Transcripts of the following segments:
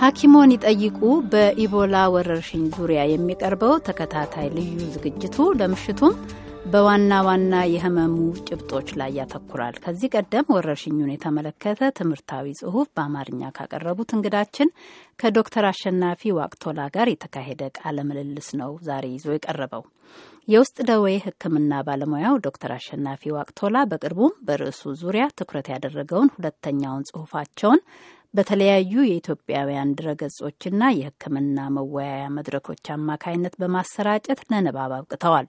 ሐኪሞን ይጠይቁ በኢቦላ ወረርሽኝ ዙሪያ የሚቀርበው ተከታታይ ልዩ ዝግጅቱ ለምሽቱም በዋና ዋና የህመሙ ጭብጦች ላይ ያተኩራል። ከዚህ ቀደም ወረርሽኙን የተመለከተ ትምህርታዊ ጽሑፍ በአማርኛ ካቀረቡት እንግዳችን ከዶክተር አሸናፊ ዋቅቶላ ጋር የተካሄደ ቃለ ምልልስ ነው ዛሬ ይዞ የቀረበው። የውስጥ ደዌ ሕክምና ባለሙያው ዶክተር አሸናፊ ዋቅቶላ በቅርቡም በርዕሱ ዙሪያ ትኩረት ያደረገውን ሁለተኛውን ጽሁፋቸውን በተለያዩ የኢትዮጵያውያን ድረገጾችና የሕክምና መወያያ መድረኮች አማካይነት በማሰራጨት ለንባብ አብቅተዋል።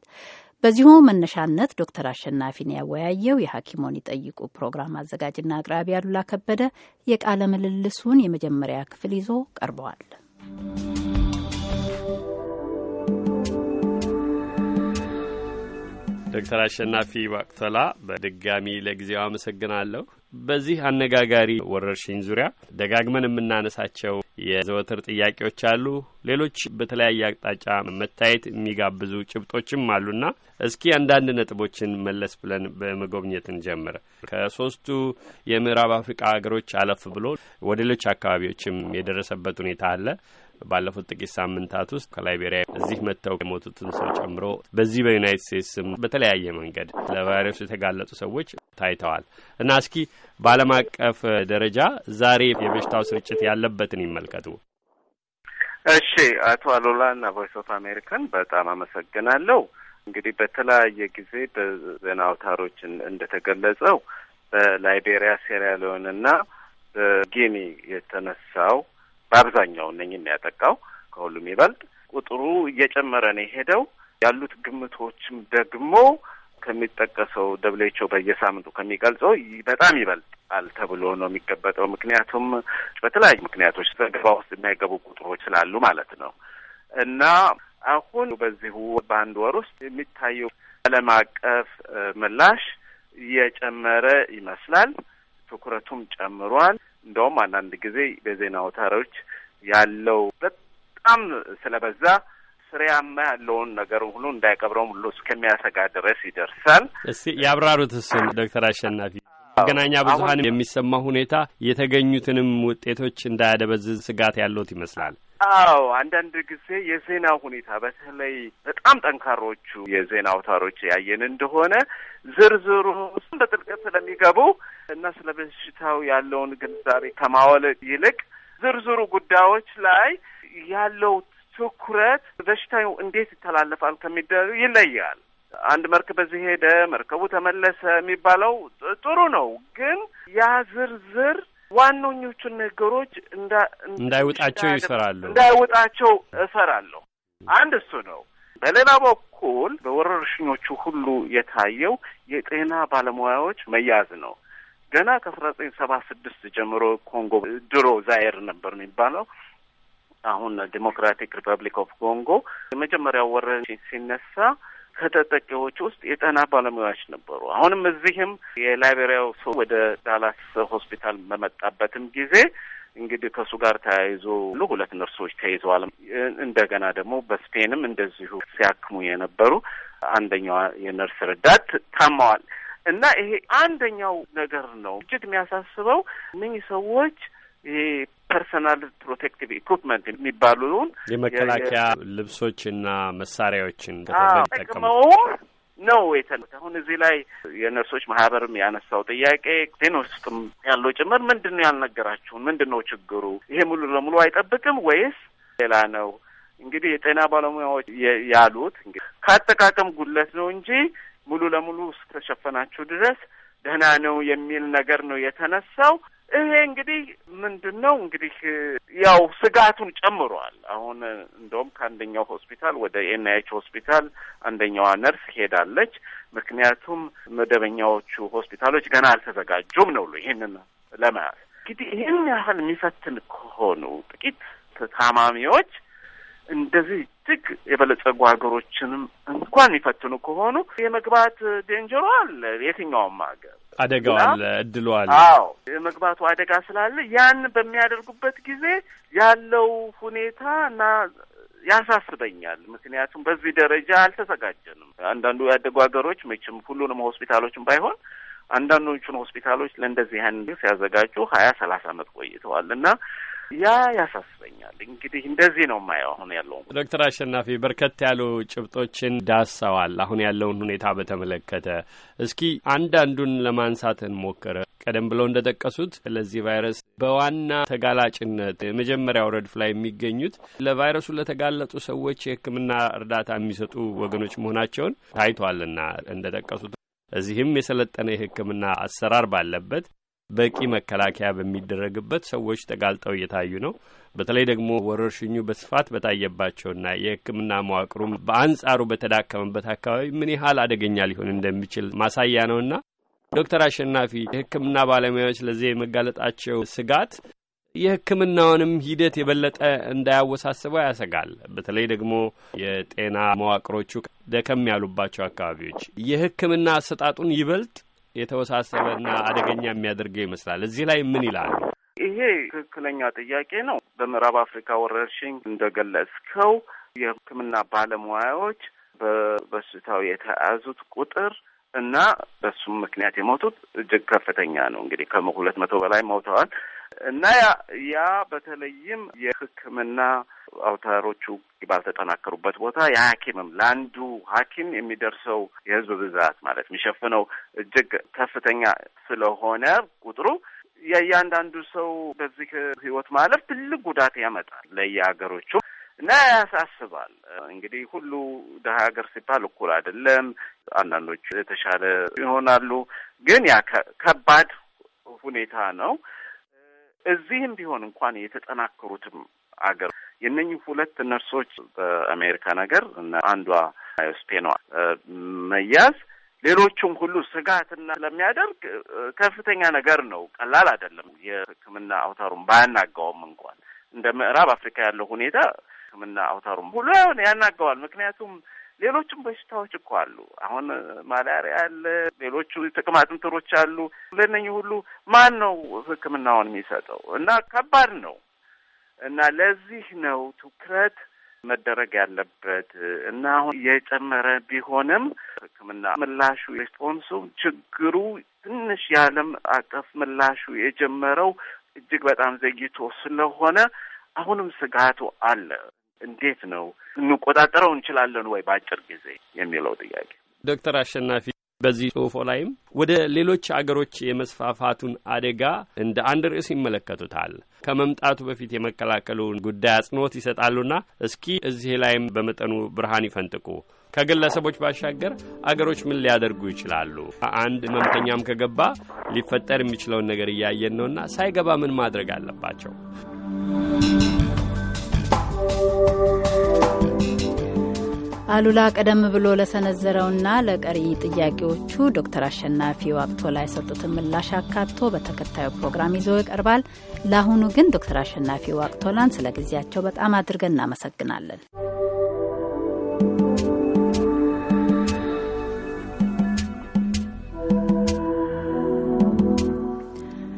በዚሁ መነሻነት ዶክተር አሸናፊን ያወያየው የሐኪሞን ይጠይቁ ፕሮግራም አዘጋጅና አቅራቢ አሉላ ከበደ የቃለ ምልልሱን የመጀመሪያ ክፍል ይዞ ቀርበዋል። ዶክተር አሸናፊ ዋቅቶላ በድጋሚ ለጊዜው አመሰግናለሁ። በዚህ አነጋጋሪ ወረርሽኝ ዙሪያ ደጋግመን የምናነሳቸው የዘወትር ጥያቄዎች አሉ። ሌሎች በተለያየ አቅጣጫ መታየት የሚጋብዙ ጭብጦችም አሉና እስኪ አንዳንድ ነጥቦችን መለስ ብለን በመጎብኘትን ጀምረ ከሶስቱ የምዕራብ አፍሪቃ ሀገሮች አለፍ ብሎ ወደ ሌሎች አካባቢዎችም የደረሰበት ሁኔታ አለ። ባለፉት ጥቂት ሳምንታት ውስጥ ከላይቤሪያ እዚህ መጥተው የሞቱትን ሰው ጨምሮ በዚህ በዩናይት ስቴትስም በተለያየ መንገድ ለቫይረሱ የተጋለጡ ሰዎች ታይተዋል እና እስኪ በዓለም አቀፍ ደረጃ ዛሬ የበሽታው ስርጭት ያለበትን ይመልከቱ። እሺ፣ አቶ አሉላ እና ቮይስ ኦፍ አሜሪካን በጣም አመሰግናለሁ። እንግዲህ በተለያየ ጊዜ በዜና አውታሮች እንደተገለጸው በላይቤሪያ፣ ሴራሊዮን እና በጊኒ የተነሳው በአብዛኛው እነኝን ነው ያጠቃው። ከሁሉም ይበልጥ ቁጥሩ እየጨመረ ነው የሄደው። ያሉት ግምቶችም ደግሞ ከሚጠቀሰው ደብሌቾ በየሳምንቱ ከሚገልጸው በጣም ይበልጣል ተብሎ ነው የሚገበጠው። ምክንያቱም በተለያዩ ምክንያቶች ዘገባ ውስጥ የማይገቡ ቁጥሮች ስላሉ ማለት ነው እና አሁን በዚሁ በአንድ ወር ውስጥ የሚታየው ዓለም አቀፍ ምላሽ እየጨመረ ይመስላል። ትኩረቱም ጨምሯል። እንደውም አንዳንድ ጊዜ በዜና አውታሮች ያለው በጣም ስለበዛ ስሪያማ ያለውን ነገር ሁሉ እንዳይቀብረው ሁሉ እስከሚያሰጋ ድረስ ይደርሳል። እስቲ ያብራሩት እሱን ዶክተር አሸናፊ መገናኛ ብዙኃን የሚሰማ ሁኔታ የተገኙትንም ውጤቶች እንዳያደበዝዝ ስጋት ያለት ይመስላል። አዎ አንዳንድ ጊዜ የዜና ሁኔታ በተለይ በጣም ጠንካሮቹ የዜና አውታሮች ያየን እንደሆነ ዝርዝሩ በጥልቀት ስለሚገቡ እና ስለ በሽታው ያለውን ግንዛቤ ከማወል ይልቅ ዝርዝሩ ጉዳዮች ላይ ያለው ትኩረት በሽታው እንዴት ይተላለፋል ከሚደሩ ይለያል። አንድ መርከብ በዚህ ሄደ፣ መርከቡ ተመለሰ የሚባለው ጥሩ ነው፣ ግን ያ ዝርዝር ዋነኞቹን ነገሮች እንዳይወጣቸው ይሰራሉ እንዳይወጣቸው እሰራለሁ። አንድ እሱ ነው። በሌላ በኩል በወረርሽኞቹ ሁሉ የታየው የጤና ባለሙያዎች መያዝ ነው። ገና ከአስራ ዘጠኝ ሰባ ስድስት ጀምሮ ኮንጎ ድሮ ዛየር ነበር የሚባለው አሁን ዲሞክራቲክ ሪፐብሊክ ኦፍ ኮንጎ የመጀመሪያው ወረርሽኝ ሲነሳ ከተጠቂዎች ውስጥ የጤና ባለሙያዎች ነበሩ። አሁንም እዚህም የላይቤሪያው ሰው ወደ ዳላስ ሆስፒታል በመጣበትም ጊዜ እንግዲህ ከእሱ ጋር ተያይዞ ሁለት ነርሶች ተይዘዋል። እንደገና ደግሞ በስፔንም እንደዚሁ ሲያክሙ የነበሩ አንደኛዋ የነርስ ረዳት ታማዋል። እና ይሄ አንደኛው ነገር ነው እጅግ የሚያሳስበው እነኚህ ሰዎች ይሄ ፐርሰናል ፕሮቴክቲቭ ኢኩፕመንት የሚባሉን የመከላከያ ልብሶችና መሳሪያዎችን ጠቅመው ነው የተ አሁን እዚህ ላይ የነርሶች ማህበርም ያነሳው ጥያቄ ዜና ውስጥም ያለው ጭምር ምንድን ነው ያልነገራችሁን? ምንድን ነው ችግሩ? ይሄ ሙሉ ለሙሉ አይጠብቅም ወይስ ሌላ ነው? እንግዲህ የጤና ባለሙያዎች ያሉት እንግዲህ ከአጠቃቀም ጉድለት ነው እንጂ ሙሉ ለሙሉ እስከተሸፈናችሁ ድረስ ደህና ነው የሚል ነገር ነው የተነሳው። ይሄ እንግዲህ ምንድን ነው እንግዲህ ያው ስጋቱን ጨምሯል። አሁን እንደውም ከአንደኛው ሆስፒታል ወደ ኤንአይች ሆስፒታል አንደኛዋ ነርስ ሄዳለች። ምክንያቱም መደበኛዎቹ ሆስፒታሎች ገና አልተዘጋጁም ነው ይህንን ለመያዝ እንግዲህ ይህን ያህል የሚፈትን ከሆኑ ጥቂት ታማሚዎች እንደዚህ እጅግ የበለጸጉ ሀገሮችንም እንኳን የሚፈትኑ ከሆኑ የመግባት ዴንጀሮ አለ የትኛውም ሀገር አደጋው አለ፣ እድሉ አለ። አዎ የመግባቱ አደጋ ስላለ ያን በሚያደርጉበት ጊዜ ያለው ሁኔታ እና ያሳስበኛል። ምክንያቱም በዚህ ደረጃ አልተዘጋጀንም። አንዳንዱ ያደጉ ሀገሮች መቼም ሁሉንም ሆስፒታሎችን ባይሆን አንዳንዶቹን ሆስፒታሎች ለእንደዚህ ያን ሲያዘጋጁ ሀያ ሰላሳ አመት ቆይተዋል እና ያ ያሳስበኛል። እንግዲህ እንደዚህ ነው የማየው አሁን ያለው። ዶክተር አሸናፊ በርከት ያሉ ጭብጦችን ዳሰዋል። አሁን ያለውን ሁኔታ በተመለከተ እስኪ አንዳንዱን ለማንሳት እንሞክር። ቀደም ብለው እንደ ጠቀሱት ለዚህ ቫይረስ በዋና ተጋላጭነት የመጀመሪያው ረድፍ ላይ የሚገኙት ለቫይረሱ ለተጋለጡ ሰዎች የሕክምና እርዳታ የሚሰጡ ወገኖች መሆናቸውን ታይቷልና እንደ ጠቀሱት እዚህም የሰለጠነ የሕክምና አሰራር ባለበት በቂ መከላከያ በሚደረግበት ሰዎች ተጋልጠው እየታዩ ነው። በተለይ ደግሞ ወረርሽኙ በስፋት በታየባቸውና የሕክምና መዋቅሩም በአንጻሩ በተዳከመበት አካባቢ ምን ያህል አደገኛ ሊሆን እንደሚችል ማሳያ ነውና ዶክተር አሸናፊ የሕክምና ባለሙያዎች ለዚህ የመጋለጣቸው ስጋት የሕክምናውንም ሂደት የበለጠ እንዳያወሳስበው ያሰጋል። በተለይ ደግሞ የጤና መዋቅሮቹ ደከም ያሉባቸው አካባቢዎች የሕክምና አሰጣጡን ይበልጥ የተወሳሰበና አደገኛ የሚያደርገው ይመስላል። እዚህ ላይ ምን ይላሉ? ይሄ ትክክለኛ ጥያቄ ነው። በምዕራብ አፍሪካ ወረርሽኝ እንደገለጽከው የሕክምና ባለሙያዎች በበሽታው የተያዙት ቁጥር እና በሱም ምክንያት የሞቱት እጅግ ከፍተኛ ነው። እንግዲህ ከሁለት መቶ በላይ ሞተዋል። እና ያ በተለይም የሕክምና አውታሮቹ ባልተጠናከሩበት ቦታ የሐኪምም ለአንዱ ሐኪም የሚደርሰው የህዝብ ብዛት ማለት የሚሸፍነው እጅግ ከፍተኛ ስለሆነ ቁጥሩ የእያንዳንዱ ሰው በዚህ ህይወት ማለፍ ትልቅ ጉዳት ያመጣል ለየሀገሮቹ እና ያሳስባል። እንግዲህ ሁሉ ደሀ ሀገር ሲባል እኩል አይደለም። አንዳንዶቹ የተሻለ ይሆናሉ፣ ግን ያ ከባድ ሁኔታ ነው። እዚህም ቢሆን እንኳን የተጠናከሩትም አገር የእነኝህ ሁለት ነርሶች በአሜሪካ ነገር አንዷ ስፔኗ መያዝ ሌሎቹም ሁሉ ስጋትና ስለሚያደርግ ከፍተኛ ነገር ነው። ቀላል አይደለም። የሕክምና አውታሩም ባያናጋውም እንኳን እንደ ምዕራብ አፍሪካ ያለው ሁኔታ ሕክምና አውታሩም ሁሉ ያናገዋል። ምክንያቱም ሌሎችም በሽታዎች እኮ አሉ። አሁን ማላሪያ አለ፣ ሌሎቹ ጥቅማጥምትሮች አሉ። ለነኝ ሁሉ ማን ነው ሕክምናውን የሚሰጠው? እና ከባድ ነው እና ለዚህ ነው ትኩረት መደረግ ያለበት እና አሁን የጨመረ ቢሆንም ሕክምና ምላሹ ሪስፖንሱ ችግሩ ትንሽ የዓለም አቀፍ ምላሹ የጀመረው እጅግ በጣም ዘግይቶ ስለሆነ አሁንም ስጋቱ አለ። እንዴት ነው እንቆጣጠረው እንችላለን ወይ በአጭር ጊዜ የሚለው ጥያቄ ዶክተር አሸናፊ በዚህ ጽሁፎ ላይም ወደ ሌሎች አገሮች የመስፋፋቱን አደጋ እንደ አንድ ርዕስ ይመለከቱታል። ከመምጣቱ በፊት የመከላከሉን ጉዳይ አጽንኦት ይሰጣሉና እስኪ እዚህ ላይም በመጠኑ ብርሃን ይፈንጥቁ። ከግለሰቦች ባሻገር አገሮች ምን ሊያደርጉ ይችላሉ? አንድ ህመምተኛም ከገባ ሊፈጠር የሚችለውን ነገር እያየን ነውና ሳይገባ ምን ማድረግ አለባቸው? አሉላ ቀደም ብሎ ለሰነዘረውና ለቀሪ ጥያቄዎቹ ዶክተር አሸናፊ ላይ የሰጡትን ምላሽ አካቶ በተከታዩ ፕሮግራም ይዞ ይቀርባል። ለአሁኑ ግን ዶክተር አሸናፊ ዋቅቶላን ስለ ጊዜያቸው በጣም አድርገን እናመሰግናለን።